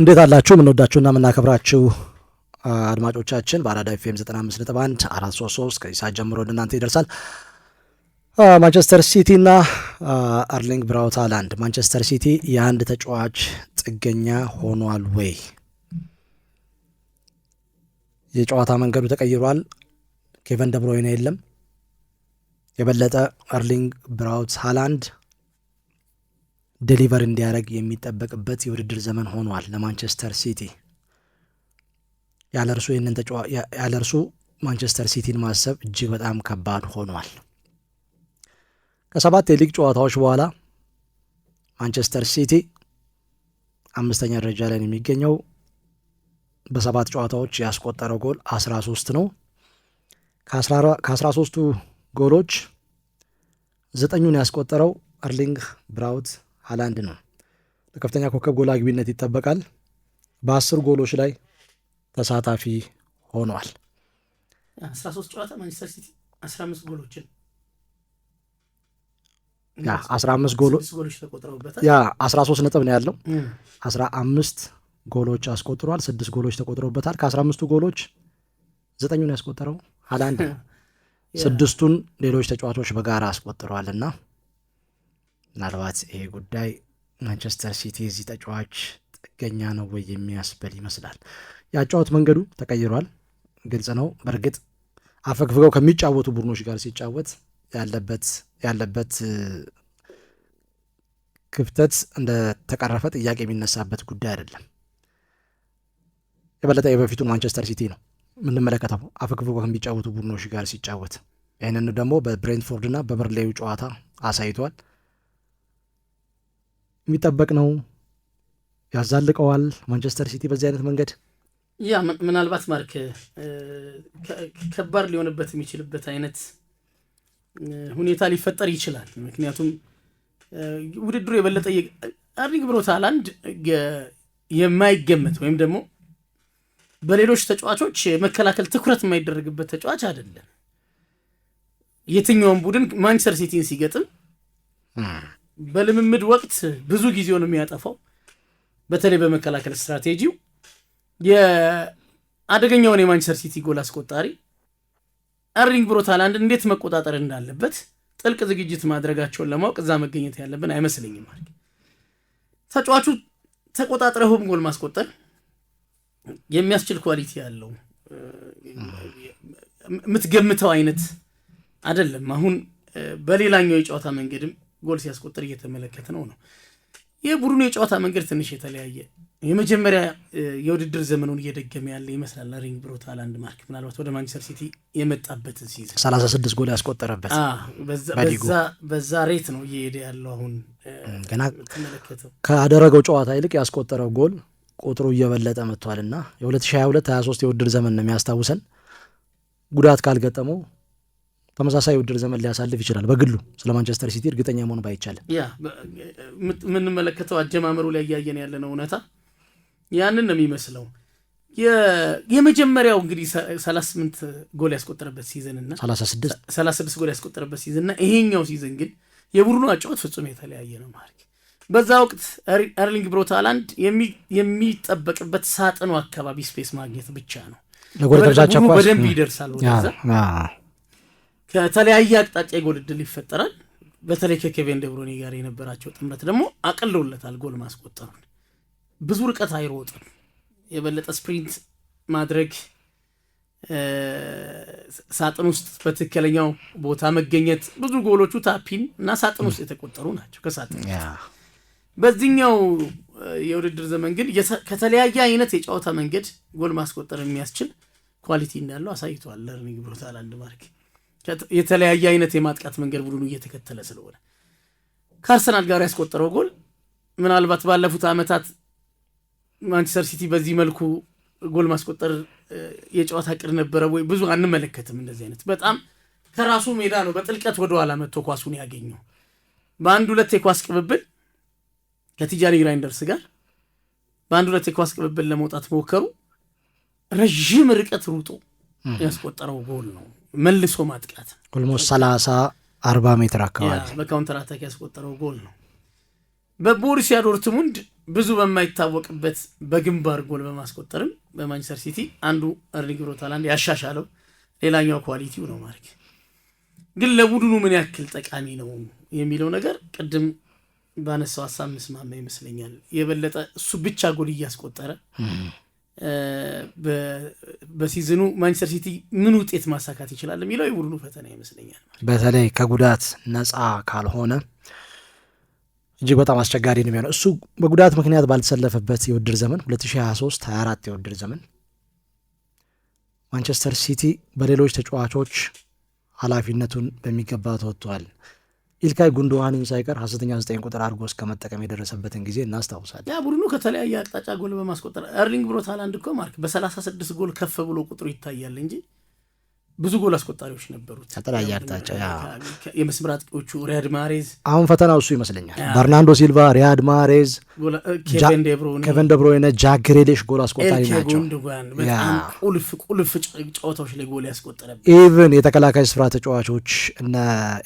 እንዴት አላችሁ? የምንወዳችሁና የምናከብራችሁ አድማጮቻችን በአራዳ ኤፍኤም 95.1 433 ከዚህ ሰዓት ጀምሮ እናንተ ይደርሳል። ማንቸስተር ሲቲ እና አርሊንግ ብራውት ሃላንድ። ማንቸስተር ሲቲ የአንድ ተጫዋች ጥገኛ ሆኗል ወይ? የጨዋታ መንገዱ ተቀይሯል። ኬቨን ደብሮይነ የለም። የበለጠ አርሊንግ ብራውት ሃላንድ ዴሊቨር እንዲያደርግ የሚጠበቅበት የውድድር ዘመን ሆኗል ለማንቸስተር ሲቲ። ያለ እርሱ ማንቸስተር ሲቲን ማሰብ እጅግ በጣም ከባድ ሆኗል። ከሰባት የሊግ ጨዋታዎች በኋላ ማንቸስተር ሲቲ አምስተኛ ደረጃ ላይ የሚገኘው። በሰባት ጨዋታዎች ያስቆጠረው ጎል ሶስት ነው ከአስራ ሶስቱ ጎሎች ዘጠኙን ያስቆጠረው አርሊንግ ብራውት ሃላንድ ነው። ለከፍተኛ ኮከብ ጎል አግቢነት ይጠበቃል። በአስር ጎሎች ላይ ተሳታፊ ሆኗል። 13 ጨዋታ ማንቸስተር ሲቲ 15 ጎሎችን አስራ አምስት ጎሎች ተቆጥረውበታል። ያ አስራ ሶስት ነጥብ ነው ያለው። አስራ አምስት ጎሎች አስቆጥሯል። ስድስት ጎሎች ተቆጥረውበታል። ከአስራ አምስቱ ጎሎች ዘጠኙን ያስቆጠረው ሃላንድ፣ ስድስቱን ሌሎች ተጫዋቾች በጋራ አስቆጥረዋል እና ምናልባት ይሄ ጉዳይ ማንቸስተር ሲቲ የዚህ ተጫዋች ጥገኛ ነው ወይ የሚያስበል ይመስላል። የአጨዋወት መንገዱ ተቀይሯል፣ ግልጽ ነው። በእርግጥ አፈግፍገው ከሚጫወቱ ቡድኖች ጋር ሲጫወት ያለበት ያለበት ክፍተት እንደተቀረፈ ጥያቄ የሚነሳበት ጉዳይ አይደለም። የበለጠ የበፊቱን ማንቸስተር ሲቲ ነው የምንመለከተው አፈግፍጎ ከሚጫወቱ ቡድኖች ጋር ሲጫወት። ይህንን ደግሞ በብሬንትፎርድና በበርሌዩ ጨዋታ አሳይቷል። የሚጠበቅ ነው። ያዛልቀዋል ማንቸስተር ሲቲ በዚህ አይነት መንገድ ያ ምናልባት ማርክ ከባድ ሊሆንበት የሚችልበት አይነት ሁኔታ ሊፈጠር ይችላል። ምክንያቱም ውድድሩ የበለጠ አርሊንግ ብሮታል አንድ የማይገመት ወይም ደግሞ በሌሎች ተጫዋቾች የመከላከል ትኩረት የማይደረግበት ተጫዋች አይደለም። የትኛውም ቡድን ማንቸስተር ሲቲን ሲገጥም በልምምድ ወቅት ብዙ ጊዜውን የሚያጠፋው በተለይ በመከላከል ስትራቴጂው የአደገኛውን የማንቸስተር ሲቲ ጎል አስቆጣሪ ኤርሊንግ ብሮት ሃላንድ እንዴት መቆጣጠር እንዳለበት ጥልቅ ዝግጅት ማድረጋቸውን ለማወቅ እዛ መገኘት ያለብን አይመስለኝም። ማለት ተጫዋቹ ሆም ጎል ማስቆጠር የሚያስችል ኳሊቲ ያለው የምትገምተው አይነት አይደለም። አሁን በሌላኛው የጨዋታ መንገድም ጎል ሲያስቆጥር እየተመለከት ነው ነው የቡድኑ የጨዋታ መንገድ ትንሽ የተለያየ የመጀመሪያ የውድድር ዘመኑን እየደገመ ያለ ይመስላል። ሪንግ ብሮት ሃላንድ ማርክ ምናልባት ወደ ማንቸስተር ሲቲ የመጣበትን ሲዝን 36 ጎል ያስቆጠረበት በዛ ሬት ነው እየሄደ ያለው። አሁን ገና ካደረገው ጨዋታ ይልቅ ያስቆጠረው ጎል ቁጥሩ እየበለጠ መጥቷል እና የ2022 23 የውድድር ዘመን ነው የሚያስታውሰን ጉዳት ካልገጠመው ተመሳሳይ ውድድር ዘመን ሊያሳልፍ ይችላል። በግሉ ስለ ማንቸስተር ሲቲ እርግጠኛ መሆን ባይቻልም ያ የምንመለከተው አጀማመሩ ላይ እያየን ያለነው እውነታ ያንን ነው የሚመስለው። የመጀመሪያው እንግዲህ 38 ጎል ያስቆጠረበት ሲዝን 36 ጎል ያስቆጠረበት ሲዝን እና ይሄኛው ሲዝን ግን የቡድኑ አጫወት ፍጹም የተለያየ ነው ማለት በዛ ወቅት ኤርሊንግ ብሮታላንድ የሚጠበቅበት ሳጥኑ አካባቢ ስፔስ ማግኘት ብቻ ነው። ለጎል በደንብ ይደርሳል ወደዛ ከተለያየ አቅጣጫ የጎል እድል ይፈጠራል። በተለይ ከኬቬን ደብሮኔ ጋር የነበራቸው ጥምረት ደግሞ አቅሎለታል ጎል ማስቆጠሩን። ብዙ ርቀት አይሮጥም። የበለጠ ስፕሪንት ማድረግ፣ ሳጥን ውስጥ በትክክለኛው ቦታ መገኘት። ብዙ ጎሎቹ ታፒን እና ሳጥን ውስጥ የተቆጠሩ ናቸው ከሳጥን በዚህኛው የውድድር ዘመን ግን ከተለያየ አይነት የጨዋታ መንገድ ጎል ማስቆጠር የሚያስችል ኳሊቲ እንዳለው አሳይቷል። ለርኒንግ ብሮታል አንድ ማርክ የተለያየ አይነት የማጥቃት መንገድ ቡድኑ እየተከተለ ስለሆነ ከአርሰናል ጋር ያስቆጠረው ጎል ምናልባት ባለፉት ዓመታት ማንቸስተር ሲቲ በዚህ መልኩ ጎል ማስቆጠር የጨዋታ ቅድ ነበረ ወይ? ብዙ አንመለከትም። እንደዚህ አይነት በጣም ከራሱ ሜዳ ነው በጥልቀት ወደኋላ መጥቶ ኳሱን ያገኘው። በአንድ ሁለት የኳስ ቅብብል ከቲጃኒ ግራይንደርስ ጋር በአንድ ሁለት የኳስ ቅብብል ለመውጣት ሞከሩ። ረዥም ርቀት ሩጦ ያስቆጠረው ጎል ነው። መልሶ ማጥቃት ኦልሞስት ሰላሳ አርባ ሜትር አካባቢ በካውንተር አታክ ያስቆጠረው ጎል ነው። በቦሩሲያ ዶርትሙንድ ብዙ በማይታወቅበት በግንባር ጎል በማስቆጠርም በማንቸስተር ሲቲ አንዱ ኤርሊንግ ብሮታላንድ ያሻሻለው ሌላኛው ኳሊቲው ነው ማለት ግን ለቡድኑ ምን ያክል ጠቃሚ ነው የሚለው ነገር ቅድም ባነሳው ሀሳብ ምስማማ ይመስለኛል። የበለጠ እሱ ብቻ ጎል እያስቆጠረ በሲዝኑ ማንቸስተር ሲቲ ምን ውጤት ማሳካት ይችላል የሚለው የቡድኑ ፈተና ይመስለኛል። በተለይ ከጉዳት ነፃ ካልሆነ እጅግ በጣም አስቸጋሪ ነው የሚሆነው። እሱ በጉዳት ምክንያት ባልተሰለፈበት የውድድር ዘመን 2023 24 የውድድር ዘመን ማንቸስተር ሲቲ በሌሎች ተጫዋቾች ኃላፊነቱን በሚገባ ተወጥቷል። ኢልካይ ጉንዶሃንን ሳይቀር ሀሰተኛ ዘጠኝ ቁጥር አድርጎ እስከ መጠቀም የደረሰበትን ጊዜ እናስታውሳለን። ያ ቡድኑ ከተለያየ አቅጣጫ ጎል በማስቆጠር ኤርሊንግ ብሮት ሃላንድ እኮ ማርክ በሰላሳ ስድስት ጎል ከፍ ብሎ ቁጥሩ ይታያል እንጂ ብዙ ጎል አስቆጣሪዎች ነበሩት። ከተለያየ አቅጣጫ የመስመር አጥቂዎቹ ሪያድ ማሬዝ፣ አሁን ፈተናው እሱ ይመስለኛል። በርናንዶ ሲልቫ፣ ሪያድ ማሬዝ፣ ኬቨን ደብሮይነ፣ ጃክ ግሬሊሽ ጎል አስቆጣሪ ናቸው። ቁልፍ ቁልፍ ጨዋታዎች ላይ ጎል ያስቆጠረበት ኢቨን የተከላካይ ስፍራ ተጫዋቾች እነ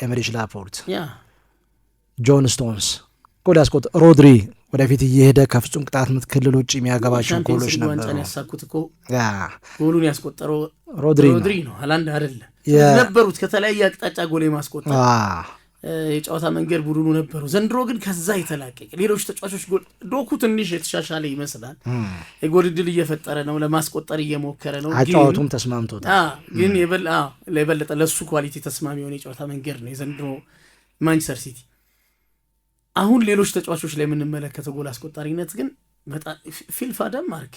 ኤመሪች ላፖርት፣ ጆን ስቶንስ ጎል ያስቆጠ ሮድሪ ወደፊት እየሄደ ከፍጹም ቅጣት ምት ክልል ውጭ የሚያገባቸው ጎሎች ነበሩ። ያሳኩት እኮ ጎሉን ያስቆጠረው ሮድሪ ነው፣ ሃላንድ አይደለም። ነበሩት ከተለያየ አቅጣጫ ጎል የማስቆጠር የጨዋታ መንገድ ቡድኑ ነበሩ። ዘንድሮ ግን ከዛ የተላቀቀ ሌሎች ተጫዋቾች ጎል ዶኩ ትንሽ የተሻሻለ ይመስላል። የጎል እድል እየፈጠረ ነው፣ ለማስቆጠር እየሞከረ ነው። አጫዋቱም ተስማምቶታል። ግን የበለጠ ለእሱ ኳሊቲ ተስማሚ የሆነ የጨዋታ መንገድ ነው የዘንድሮ ማንቸስተር ሲቲ አሁን ሌሎች ተጫዋቾች ላይ የምንመለከተው ጎል አስቆጣሪነት ግን ፊልፋ ፋደን ማርክ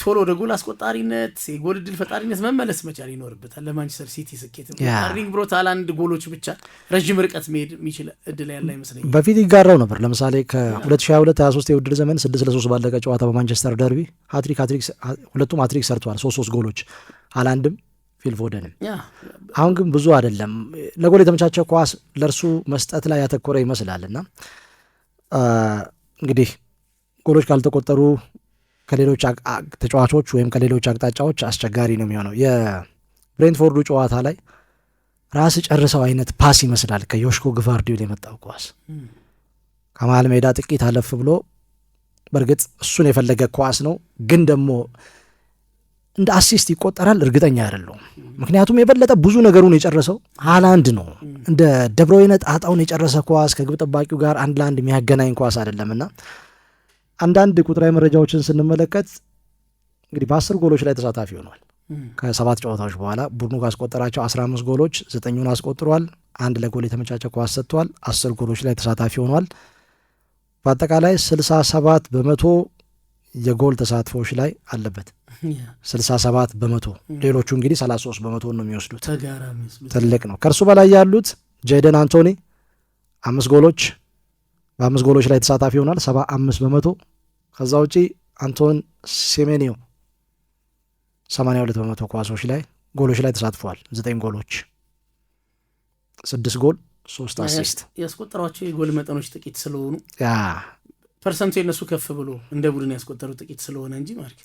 ቶሎ ወደ ጎል አስቆጣሪነት የጎል እድል ፈጣሪነት መመለስ መቻል ይኖርበታል። ለማንቸስተር ሲቲ ስኬት አርሊንግ ብሮት ሃላንድ ጎሎች ብቻ ረዥም ርቀት መሄድ የሚችል እድል ያለ አይመስለኝም። በፊት ይጋራው ነበር። ለምሳሌ ከ2022 23 የውድድር ዘመን 6 ለ3 ባለቀ ጨዋታ በማንቸስተር ደርቢ ሁለቱም ሀትሪክ ሰርተዋል። ሶስት ሶስት ጎሎች አላንድም ፊልፎደንም አሁን ግን ብዙ አይደለም። ለጎል የተመቻቸ ኳስ ለእርሱ መስጠት ላይ ያተኮረ ይመስላል እና እንግዲህ ጎሎች ካልተቆጠሩ ከሌሎች ተጫዋቾች ወይም ከሌሎች አቅጣጫዎች አስቸጋሪ ነው የሚሆነው። የብሬንትፎርዱ ጨዋታ ላይ ራስ ጨርሰው አይነት ፓስ ይመስላል ከዮሽኮ ግቫርዲዮል የመጣው ኳስ ከመሃል ሜዳ ጥቂት አለፍ ብሎ፣ በእርግጥ እሱን የፈለገ ኳስ ነው ግን ደግሞ እንደ አሲስት ይቆጠራል እርግጠኛ አይደለሁም። ምክንያቱም የበለጠ ብዙ ነገሩን የጨረሰው ሀላንድ ነው። እንደ ደብረወይነ ጣጣውን የጨረሰ ኳስ ከግብ ጠባቂው ጋር አንድ ለአንድ የሚያገናኝ ኳስ አይደለም እና አንዳንድ ቁጥራዊ መረጃዎችን ስንመለከት እንግዲህ በአስር ጎሎች ላይ ተሳታፊ ሆኗል። ከሰባት ጨዋታዎች በኋላ ቡድኑ ካስቆጠራቸው አስራ አምስት ጎሎች ዘጠኙን አስቆጥሯል። አንድ ለጎል የተመቻቸ ኳስ ሰጥቷል። አስር ጎሎች ላይ ተሳታፊ ሆኗል። በአጠቃላይ ስልሳ ሰባት በመቶ የጎል ተሳትፎዎች ላይ አለበት። ስልሳ ሰባት በመቶ ሌሎቹ እንግዲህ ሰላሳ ሶስት በመቶ ነው የሚወስዱት። ትልቅ ነው። ከእርሱ በላይ ያሉት ጀደን አንቶኒ አምስት ጎሎች በአምስት ጎሎች ላይ ተሳታፊ ይሆናል ሰባ አምስት በመቶ። ከዛ ውጪ አንቶን ሴሜኒዮ ሰማንያ ሁለት በመቶ ኳሶች ላይ ጎሎች ላይ ተሳትፏል። ዘጠኝ ጎሎች፣ ስድስት ጎል፣ ሶስት አሲስት። ያስቆጠሯቸው የጎል መጠኖች ጥቂት ስለሆኑ ፐርሰንቱ የነሱ ከፍ ብሎ እንደ ቡድን ያስቆጠሩ ጥቂት ስለሆነ እንጂ ማለት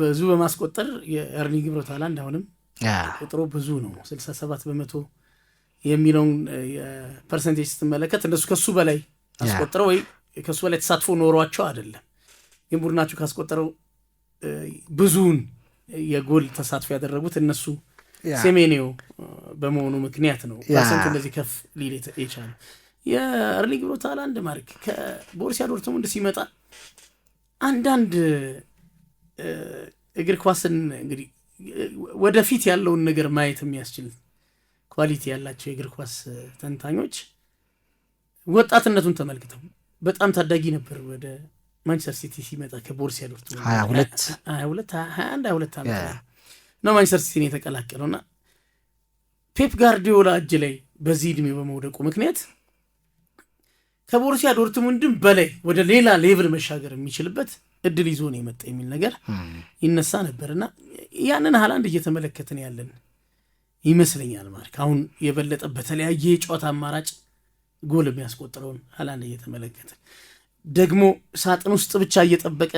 ብዙ በማስቆጠር የእርኒ ግብረታላ ሃላንድ አሁንም ብዙ ነው። 67 በመቶ የሚለውን ፐርሰንቴጅ ስትመለከት እነሱ ከሱ በላይ አስቆጥረው ወይ ከሱ በላይ ተሳትፎ ኖሯቸው አይደለም፣ ግን ቡድናቸው ካስቆጠረው ብዙውን የጎል ተሳትፎ ያደረጉት እነሱ ሴሜኔዮ በመሆኑ ምክንያት ነው ፐርሰንቱ እንደዚህ ከፍ ሊል የቻለው። የእርሊንግ ብሮት ሃላንድ ማርክ ከቦሩሲያ ዶርትሙንድ ሲመጣ አንዳንድ እግር ኳስን እንግዲህ ወደፊት ያለውን ነገር ማየት የሚያስችል ኳሊቲ ያላቸው የእግር ኳስ ተንታኞች ወጣትነቱን ተመልክተው በጣም ታዳጊ ነበር ወደ ማንቸስተር ሲቲ ሲመጣ ከቦሩሲያ ዶርትሙንድ ሀያ ሁለት ሀያ አንድ ሀያ ሁለት ዓመት ነው ማንቸስተር ሲቲን የተቀላቀለውና ፔፕ ጋርዲዮላ እጅ ላይ በዚህ ዕድሜ በመውደቁ ምክንያት ከቦሩሲያ ዶርትሙንድም በላይ ወደ ሌላ ሌቭል መሻገር የሚችልበት እድል ይዞ ነው የመጣ የሚል ነገር ይነሳ ነበር ያንን ሀላንድ እየተመለከትን ያለን ይመስለኛል። ማርክ አሁን የበለጠ በተለያየ የጨዋታ አማራጭ ጎል የሚያስቆጥረውን ሀላንድ እየተመለከትን ደግሞ ሳጥን ውስጥ ብቻ እየጠበቀ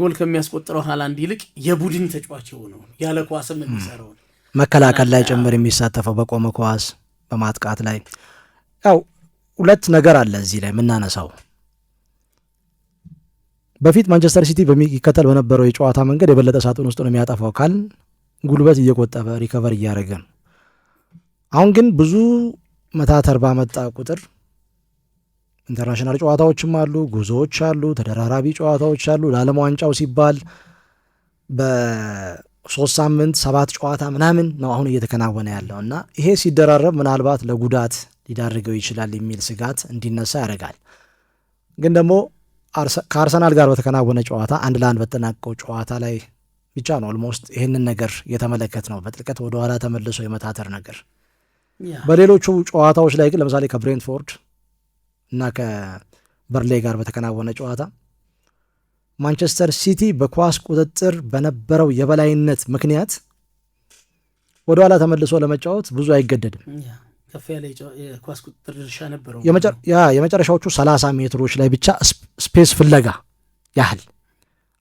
ጎል ከሚያስቆጥረው ሀላንድ ይልቅ የቡድን ተጫዋች የሆነውን ያለ ኳስም የሚሰራውን መከላከል ላይ ጭምር የሚሳተፈው በቆመ ኳስ በማጥቃት ላይ ያው ሁለት ነገር አለ እዚህ ላይ የምናነሳው። በፊት ማንቸስተር ሲቲ በሚከተል በነበረው የጨዋታ መንገድ የበለጠ ሳጥን ውስጥ ነው የሚያጠፋው ካል ጉልበት እየቆጠበ ሪከቨር እያደረገ ነው። አሁን ግን ብዙ መታተር ባመጣ ቁጥር ኢንተርናሽናል ጨዋታዎችም አሉ፣ ጉዞዎች አሉ፣ ተደራራቢ ጨዋታዎች አሉ። ለዓለም ዋንጫው ሲባል በሶስት ሳምንት ሰባት ጨዋታ ምናምን ነው አሁን እየተከናወነ ያለው እና ይሄ ሲደራረብ ምናልባት ለጉዳት ሊዳርገው ይችላል የሚል ስጋት እንዲነሳ ያደርጋል። ግን ደግሞ ከአርሰናል ጋር በተከናወነ ጨዋታ አንድ ለአንድ በተጠናቀቀው ጨዋታ ላይ ብቻ ነው ኦልሞስት ይህንን ነገር የተመለከት ነው፣ በጥልቀት ወደኋላ ተመልሶ የመታተር ነገር። በሌሎቹ ጨዋታዎች ላይ ግን ለምሳሌ ከብሬንትፎርድ እና ከበርሌ ጋር በተከናወነ ጨዋታ ማንቸስተር ሲቲ በኳስ ቁጥጥር በነበረው የበላይነት ምክንያት ወደኋላ ተመልሶ ለመጫወት ብዙ አይገደድም። ከፍ ያለ የኳስ ቁጥጥር ድርሻ ነበረው። የመጨረሻዎቹ ሰላሳ ሜትሮች ላይ ብቻ ስፔስ ፍለጋ ያህል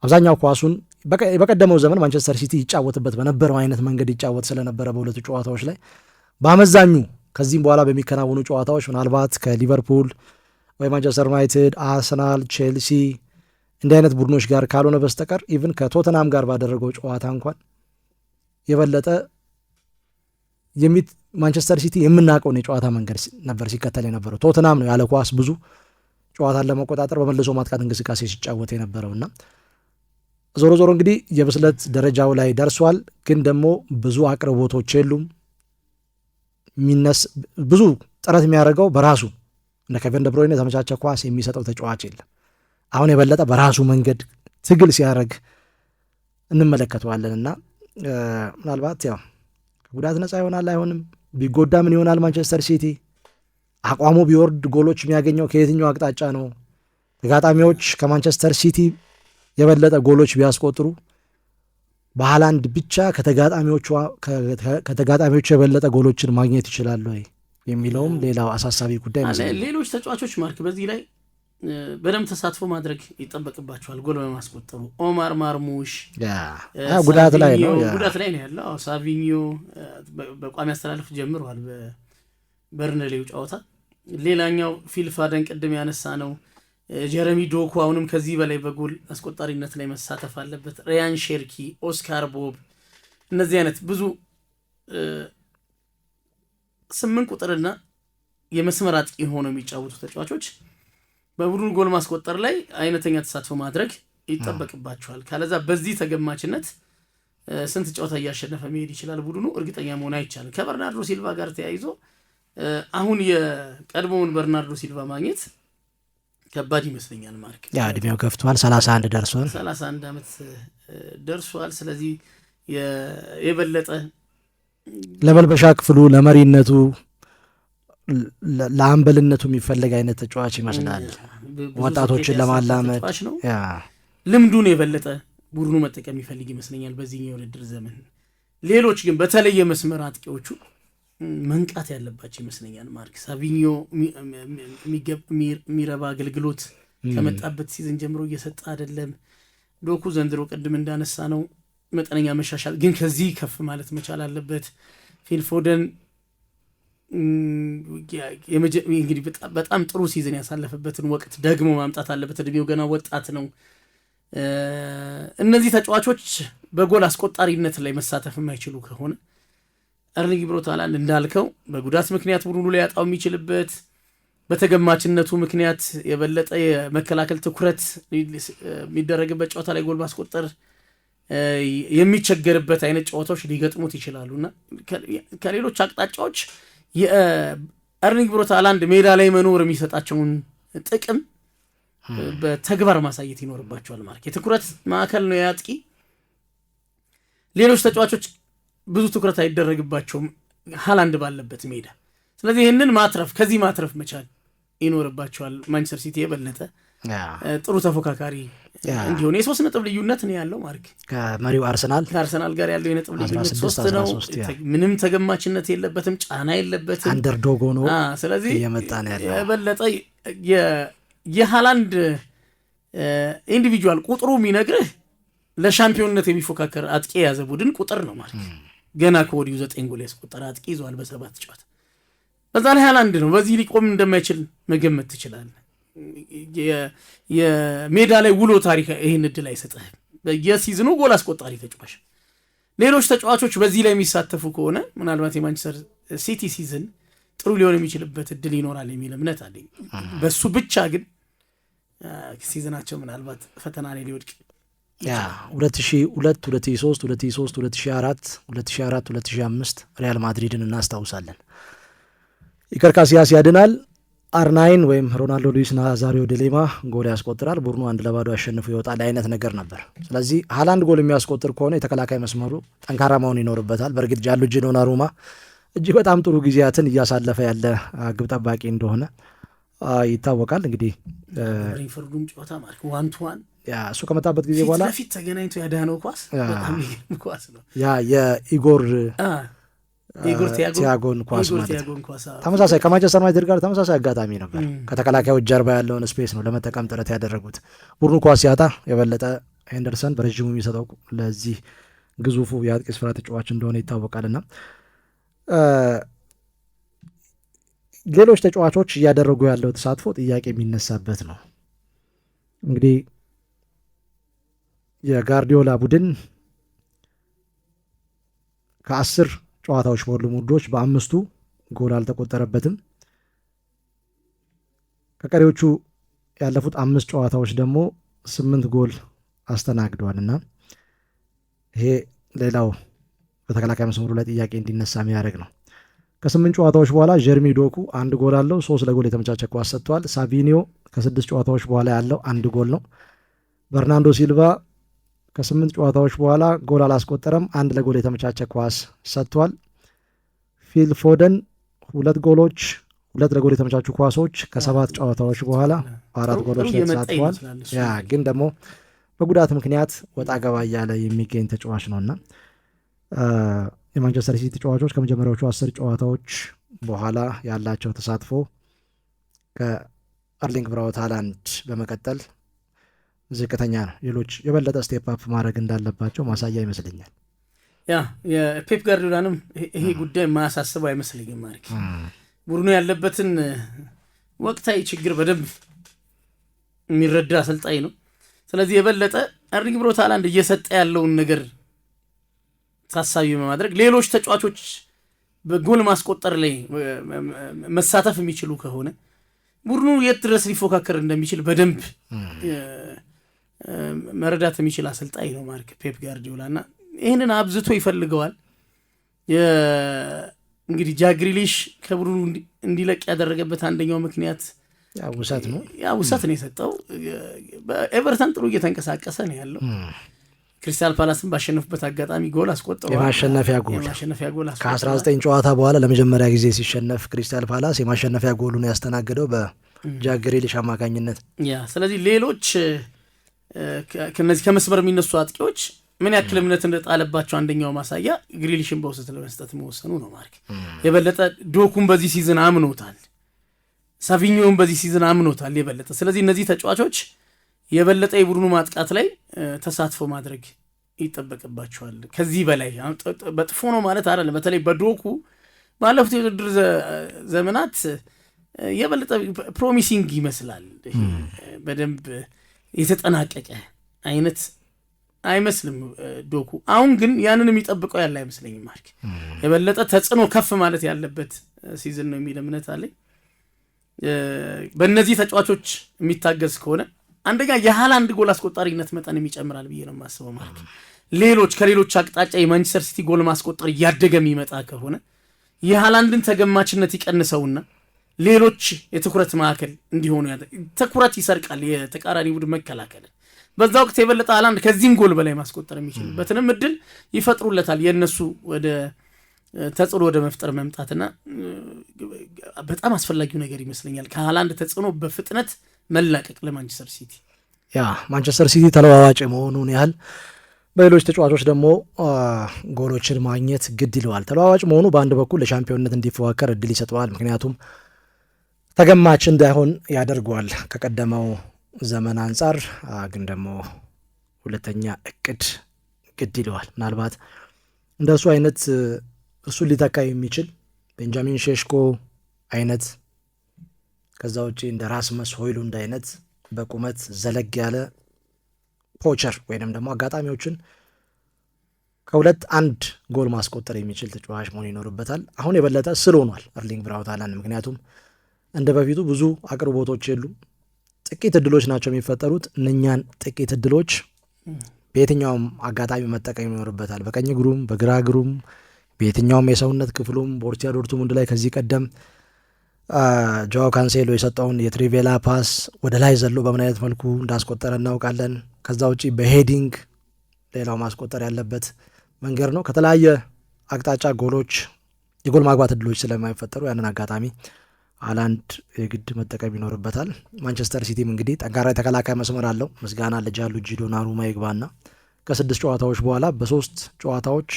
አብዛኛው ኳሱን በቀደመው ዘመን ማንቸስተር ሲቲ ይጫወትበት በነበረው አይነት መንገድ ይጫወት ስለነበረ በሁለቱ ጨዋታዎች ላይ በአመዛኙ ከዚህም በኋላ በሚከናወኑ ጨዋታዎች ምናልባት ከሊቨርፑል ወይ ማንቸስተር ዩናይትድ፣ አርሰናል፣ ቼልሲ እንዲህ አይነት ቡድኖች ጋር ካልሆነ በስተቀር ኢቭን ከቶተናም ጋር ባደረገው ጨዋታ እንኳን የበለጠ ማንቸስተር ሲቲ የምናውቀውን የጨዋታ መንገድ ነበር ሲከተል የነበረው። ቶትናም ነው ያለ ኳስ ብዙ ጨዋታን ለመቆጣጠር በመልሶ ማጥቃት እንቅስቃሴ ሲጫወት የነበረው እና ዞሮ ዞሮ እንግዲህ የብስለት ደረጃው ላይ ደርሷል። ግን ደግሞ ብዙ አቅርቦቶች የሉም። ሚነስ ብዙ ጥረት የሚያደርገው በራሱ እንደ ኬቨን ደብሮይነ የተመቻቸ ኳስ የሚሰጠው ተጫዋች የለም። አሁን የበለጠ በራሱ መንገድ ትግል ሲያደርግ እንመለከተዋለን እና ምናልባት ያው ጉዳት ነፃ ይሆናል አይሆንም ቢጎዳ ምን ይሆናል? ማንቸስተር ሲቲ አቋሙ ቢወርድ ጎሎች የሚያገኘው ከየትኛው አቅጣጫ ነው? ተጋጣሚዎች ከማንቸስተር ሲቲ የበለጠ ጎሎች ቢያስቆጥሩ በሃላንድ ብቻ ከተጋጣሚዎቹ የበለጠ ጎሎችን ማግኘት ይችላሉ ወይ የሚለውም ሌላው አሳሳቢ ጉዳይ። ሌሎች ተጫዋቾች ማርክ በዚህ ላይ በደንብ ተሳትፎ ማድረግ ይጠበቅባቸዋል። ጎል በማስቆጠሩ ኦማር ማርሙሽ ጉዳት ላይ ነው ያለው። ሳቪኞ በቋሚ አስተላለፍ ጀምረዋል በበርንሌው ጨዋታ። ሌላኛው ፊልፋደን ቅድም ያነሳ ነው ጀረሚ ዶኩ አሁንም ከዚህ በላይ በጎል አስቆጣሪነት ላይ መሳተፍ አለበት። ሪያን ሼርኪ፣ ኦስካር ቦብ እነዚህ አይነት ብዙ ስምንት ቁጥርና የመስመር አጥቂ ሆነው የሚጫወቱ ተጫዋቾች በቡድኑ ጎል ማስቆጠር ላይ አይነተኛ ተሳትፎ ማድረግ ይጠበቅባቸዋል። ካለዛ በዚህ ተገማችነት ስንት ጨዋታ እያሸነፈ መሄድ ይችላል ቡድኑ እርግጠኛ መሆን አይቻልም። ከበርናርዶ ሲልቫ ጋር ተያይዞ አሁን የቀድሞውን በርናርዶ ሲልቫ ማግኘት ከባድ ይመስለኛል። ማርክ እድሜው ገፍቷል፣ ሰላሳ አንድ ደርሷል። ሰላሳ አንድ ዓመት ደርሷል። ስለዚህ የበለጠ ለመልበሻ ክፍሉ ለመሪነቱ ለአንበልነቱ የሚፈለግ አይነት ተጫዋች ይመስላል። ወጣቶችን ለማላመድ ልምዱን የበለጠ ቡድኑ መጠቀም ይፈልግ ይመስለኛል በዚህኛው የውድድር ዘመን። ሌሎች ግን በተለየ መስመር አጥቂዎቹ መንቃት ያለባቸው ይመስለኛል። ማርክ ሳቪኞ የሚረባ አገልግሎት ከመጣበት ሲዝን ጀምሮ እየሰጠ አይደለም። ዶኩ ዘንድሮ ቅድም እንዳነሳ ነው መጠነኛ መሻሻል ግን ከዚህ ከፍ ማለት መቻል አለበት። ፊልፎደን እንግዲህ በጣም ጥሩ ሲዝን ያሳለፈበትን ወቅት ደግሞ ማምጣት አለበት። እድሜው ገና ወጣት ነው። እነዚህ ተጫዋቾች በጎል አስቆጣሪነት ላይ መሳተፍ የማይችሉ ከሆነ ኤርሊንግ ብሮት እንዳልከው በጉዳት ምክንያት ቡድኑ ሊያጣው የሚችልበት በተገማችነቱ ምክንያት የበለጠ የመከላከል ትኩረት የሚደረግበት ጨዋታ ላይ ጎል ማስቆጠር የሚቸገርበት አይነት ጨዋታዎች ሊገጥሙት ይችላሉና ከሌሎች አቅጣጫዎች የኤርሊንግ ብሮት ሃላንድ ሜዳ ላይ መኖር የሚሰጣቸውን ጥቅም በተግባር ማሳየት ይኖርባቸዋል። ማለት የትኩረት ማዕከል ነው የአጥቂ ሌሎች ተጫዋቾች ብዙ ትኩረት አይደረግባቸውም ሀላንድ ባለበት ሜዳ። ስለዚህ ይህንን ማትረፍ ከዚህ ማትረፍ መቻል ይኖርባቸዋል ማንቸስተር ሲቲ የበለጠ ጥሩ ተፎካካሪ እንዲሆን የሶስት ነጥብ ልዩነት ነው ያለው። ማርክ ከመሪው አርሰናል ከአርሰናል ጋር ያለው የነጥብ ልዩነት ሶስት ነው። ምንም ተገማችነት የለበትም፣ ጫና የለበትም። አንደርዶጎ ነው። ስለዚህ የበለጠ የሃላንድ ኢንዲቪጁዋል ቁጥሩ የሚነግርህ ለሻምፒዮንነት የሚፎካከር አጥቂ የያዘ ቡድን ቁጥር ነው ማለት ገና ከወዲሁ ዘጠኝ ጎል ያስቆጠረ አጥቂ ይዘዋል በሰባት ጨዋታ። በዛ ላይ ሃላንድ ነው። በዚህ ሊቆም እንደማይችል መገመት ትችላለህ። የሜዳ ላይ ውሎ ታሪክ ይህን እድል አይሰጥህም። የሲዝኑ ጎል አስቆጣሪ ተጫዋች። ሌሎች ተጫዋቾች በዚህ ላይ የሚሳተፉ ከሆነ ምናልባት የማንቸስተር ሲቲ ሲዝን ጥሩ ሊሆን የሚችልበት እድል ይኖራል የሚል እምነት አለኝ። በሱ ብቻ ግን ሲዝናቸው ምናልባት ፈተና ላይ ሊወድቅ 2002 2003 ሪያል ማድሪድን እናስታውሳለን። ኢከር ካሲያስ ያድናል። አርናይን ወይም ሮናልዶ ሉዊስ ናዛሪዮ ደሌማ ጎል ያስቆጥራል፣ ቡድኑ አንድ ለባዶ አሸንፎ ይወጣል አይነት ነገር ነበር። ስለዚህ ሀላንድ ጎል የሚያስቆጥር ከሆነ የተከላካይ መስመሩ ጠንካራ መሆን ይኖርበታል። በእርግጥ ጃንሉጂ ዶናሩማ እጅግ በጣም ጥሩ ጊዜያትን እያሳለፈ ያለ ግብ ጠባቂ እንደሆነ ይታወቃል። እንግዲህ ብሬንትፎርዱም ጨዋታ ማለት ዋን ቱ ዋን እሱ ከመጣበት ጊዜ በኋላ ፊት ለፊት ተገናኝቶ ያዳነው ኳስ በጣም ኳስ ነው ያ የኢጎር ቲያጎን ኳስ ማለት ተመሳሳይ ከማንቸስተር ዩናይትድ ጋር ተመሳሳይ አጋጣሚ ነበር። ከተከላካዮች ጀርባ ያለውን ስፔስ ነው ለመጠቀም ጥረት ያደረጉት። ቡድኑ ኳስ ሲያጣ የበለጠ ሄንደርሰን በረዥሙ የሚሰጠው ለዚህ ግዙፉ የአጥቂ ስፍራ ተጫዋች እንደሆነ ይታወቃልና ሌሎች ተጫዋቾች እያደረጉ ያለው ተሳትፎ ጥያቄ የሚነሳበት ነው። እንግዲህ የጋርዲዮላ ቡድን ከአስር ጨዋታዎች በሁሉም በአምስቱ ጎል አልተቆጠረበትም። ከቀሪዎቹ ያለፉት አምስት ጨዋታዎች ደግሞ ስምንት ጎል አስተናግደዋል እና ይሄ ሌላው በተከላካይ መስመሩ ላይ ጥያቄ እንዲነሳ የሚያደርግ ነው። ከስምንት ጨዋታዎች በኋላ ጀርሚ ዶኩ አንድ ጎል አለው። ሶስት ለጎል የተመቻቸ ኳስ ሳቪኒዮ ከስድስት ጨዋታዎች በኋላ ያለው አንድ ጎል ነው። በርናንዶ ሲልቫ ከስምንት ጨዋታዎች በኋላ ጎል አላስቆጠረም። አንድ ለጎል የተመቻቸ ኳስ ሰጥቷል። ፊል ፎደን ሁለት ጎሎች፣ ሁለት ለጎል የተመቻቹ ኳሶች ከሰባት ጨዋታዎች በኋላ በአራት ጎሎች ተሳትፏል። ያ ግን ደግሞ በጉዳት ምክንያት ወጣ ገባ እያለ የሚገኝ ተጫዋች ነው እና የማንቸስተር ሲቲ ተጫዋቾች ከመጀመሪያዎቹ አስር ጨዋታዎች በኋላ ያላቸው ተሳትፎ ከአርሊንግ ብራውት ሃላንድ በመቀጠል ዝቅተኛ ነው። ሌሎች የበለጠ ስቴፕ አፕ ማድረግ እንዳለባቸው ማሳያ ይመስለኛል። ያ የፔፕ ጋርዲዮላንም ይሄ ጉዳይ የማያሳስበው አይመስለኝም። ማሪክ ቡድኑ ያለበትን ወቅታዊ ችግር በደንብ የሚረዳ አሰልጣኝ ነው። ስለዚህ የበለጠ አርሊንግ ብሮት ሃላንድ እየሰጠ ያለውን ነገር ታሳቢ በማድረግ ሌሎች ተጫዋቾች በጎል ማስቆጠር ላይ መሳተፍ የሚችሉ ከሆነ ቡድኑ የት ድረስ ሊፎካከር እንደሚችል በደንብ መረዳት የሚችል አሰልጣኝ ነው ማርክ ፔፕ ጋርዲዮላ እና ይህንን አብዝቶ ይፈልገዋል። እንግዲህ ጃግሪሊሽ ከቡድኑ እንዲለቅ ያደረገበት አንደኛው ምክንያት ውሰት ነው። ያ ውሰት ነው የሰጠው። ኤቨርተን ጥሩ እየተንቀሳቀሰ ነው ያለው። ክሪስታል ፓላስን ባሸነፉበት አጋጣሚ ጎል አስቆጥሯል። የማሸነፊያ ጎል ከ19 ጨዋታ በኋላ ለመጀመሪያ ጊዜ ሲሸነፍ ክሪስታል ፓላስ የማሸነፊያ ጎሉን ያስተናገደው በጃግሪሊሽ አማካኝነት። ያ ስለዚህ ሌሎች ከነዚህ ከመስመር የሚነሱ አጥቂዎች ምን ያክል እምነት እንደጣለባቸው አንደኛው ማሳያ ግሪሊሽን በውሰት ለመስጠት መወሰኑ ነው። ማርክ የበለጠ ዶኩን በዚህ ሲዝን አምኖታል፣ ሳቪኞን በዚህ ሲዝን አምኖታል የበለጠ ስለዚህ እነዚህ ተጫዋቾች የበለጠ የቡድኑ ማጥቃት ላይ ተሳትፎ ማድረግ ይጠበቅባቸዋል። ከዚህ በላይ በጥፎ ነው ማለት አለ በተለይ በዶኩ ባለፉት የውድድር ዘመናት የበለጠ ፕሮሚሲንግ ይመስላል በደንብ የተጠናቀቀ አይነት አይመስልም ዶኩ። አሁን ግን ያንን የሚጠብቀው ያለ አይመስለኝም። ማርክ የበለጠ ተጽዕኖ ከፍ ማለት ያለበት ሲዝን ነው የሚል እምነት አለኝ። በእነዚህ ተጫዋቾች የሚታገዝ ከሆነ አንደኛ የሃላንድ ጎል አስቆጣሪነት መጠን የሚጨምራል ብዬ ነው የማስበው። ማርክ ሌሎች ከሌሎች አቅጣጫ የማንቸስተር ሲቲ ጎል ማስቆጠር እያደገ የሚመጣ ከሆነ የሃላንድን ተገማችነት ይቀንሰውና ሌሎች የትኩረት ማዕከል እንዲሆኑ ትኩረት ይሰርቃል የተቃራኒ ቡድን መከላከል። በዛ ወቅት የበለጠ አላንድ ከዚህም ጎል በላይ ማስቆጠር የሚችልበትንም እድል ይፈጥሩለታል። የእነሱ ወደ ተጽዕኖ ወደ መፍጠር መምጣትና በጣም አስፈላጊው ነገር ይመስለኛል። ከሃላንድ ተጽዕኖ በፍጥነት መላቀቅ ለማንቸስተር ሲቲ ያ ማንቸስተር ሲቲ ተለዋዋጭ መሆኑን ያህል በሌሎች ተጫዋቾች ደግሞ ጎሎችን ማግኘት ግድ ይለዋል። ተለዋዋጭ መሆኑ በአንድ በኩል ለሻምፒዮንነት እንዲፎካከር እድል ይሰጠዋል። ምክንያቱም ተገማች እንዳይሆን ያደርገዋል ከቀደመው ዘመን አንጻር። ግን ደግሞ ሁለተኛ እቅድ ግድ ይለዋል። ምናልባት እንደ እሱ አይነት እሱን ሊተካ የሚችል ቤንጃሚን ሼሽኮ አይነት ከዛ ውጪ እንደ ራስመስ ሆይሉንድ አይነት በቁመት ዘለግ ያለ ፖቸር ወይንም ደግሞ አጋጣሚዎችን ከሁለት አንድ ጎል ማስቆጠር የሚችል ተጫዋች መሆን ይኖርበታል። አሁን የበለጠ ስል ሆኗል እርሊንግ ብራውት ሃላንድ ምክንያቱም እንደ በፊቱ ብዙ አቅርቦቶች የሉም። ጥቂት እድሎች ናቸው የሚፈጠሩት። እነኛን ጥቂት እድሎች በየትኛውም አጋጣሚ መጠቀም ይኖርበታል። በቀኝ እግሩም በግራ እግሩም በየትኛውም የሰውነት ክፍሉም ቦሩሲያ ዶርትሙንድ ላይ ከዚህ ቀደም ጆዋ ካንሴሎ የሰጠውን የትሪቬላ ፓስ ወደ ላይ ዘሎ በምን አይነት መልኩ እንዳስቆጠረ እናውቃለን። ከዛ ውጪ በሄዲንግ ሌላው ማስቆጠር ያለበት መንገድ ነው። ከተለያየ አቅጣጫ ጎሎች የጎል ማግባት እድሎች ስለማይፈጠሩ ያንን አጋጣሚ አላንድ የግድ መጠቀም ይኖርበታል። ማንቸስተር ሲቲም እንግዲህ ጠንካራ የተከላካይ መስመር አለው። ምስጋና ለጂያንሉጂ ዶናሩማ ይግባና ከስድስት ጨዋታዎች በኋላ በሶስት ጨዋታዎች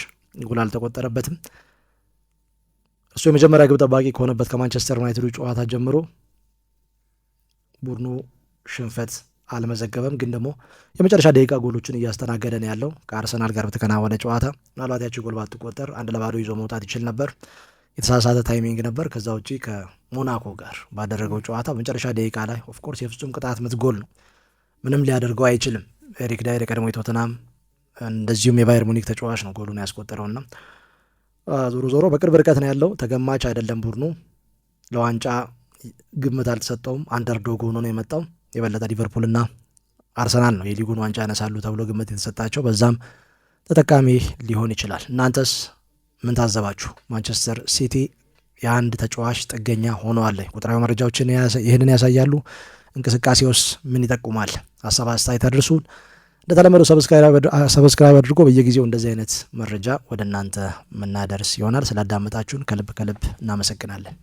ጎል አልተቆጠረበትም። እሱ የመጀመሪያ ግብ ጠባቂ ከሆነበት ከማንቸስተር ዩናይትዱ ጨዋታ ጀምሮ ቡድኑ ሽንፈት አልመዘገበም። ግን ደግሞ የመጨረሻ ደቂቃ ጎሎችን እያስተናገደ ነው ያለው። ከአርሰናል ጋር በተከናወነ ጨዋታ ምናልባት ያቺ ጎል ባትቆጠር አንድ ለባዶ ይዞ መውጣት ይችል ነበር። የተሳሳተ ታይሚንግ ነበር። ከዛ ውጪ ከሞናኮ ጋር ባደረገው ጨዋታ መጨረሻ ደቂቃ ላይ ኦፍኮርስ የፍጹም ቅጣት ምት ጎል ነው፣ ምንም ሊያደርገው አይችልም። ኤሪክ ዳይር የቀድሞ የቶትናም እንደዚሁም የባየር ሙኒክ ተጫዋች ነው ጎሉን ያስቆጠረውና ዞሮ ዞሮ በቅርብ ርቀት ነው ያለው። ተገማች አይደለም ቡድኑ ለዋንጫ ግምት አልተሰጠውም። አንደርዶግ ሆኖ ነው የመጣው። የበለጠ ሊቨርፑልና አርሰናል ነው የሊጉን ዋንጫ ያነሳሉ ተብሎ ግምት የተሰጣቸው። በዛም ተጠቃሚ ሊሆን ይችላል። እናንተስ ምን ታዘባችሁ? ማንቸስተር ሲቲ የአንድ ተጫዋች ጥገኛ ሆነዋል። ቁጥራዊ መረጃዎችን ይህንን ያሳያሉ። እንቅስቃሴውስ ምን ይጠቁማል? ሀሳብ አስተያየት አድርሱን። እንደተለመደው ሰብስክራይብ አድርጎ በየጊዜው እንደዚህ አይነት መረጃ ወደ እናንተ የምናደርስ ይሆናል። ስላዳመጣችሁን ከልብ ከልብ እናመሰግናለን።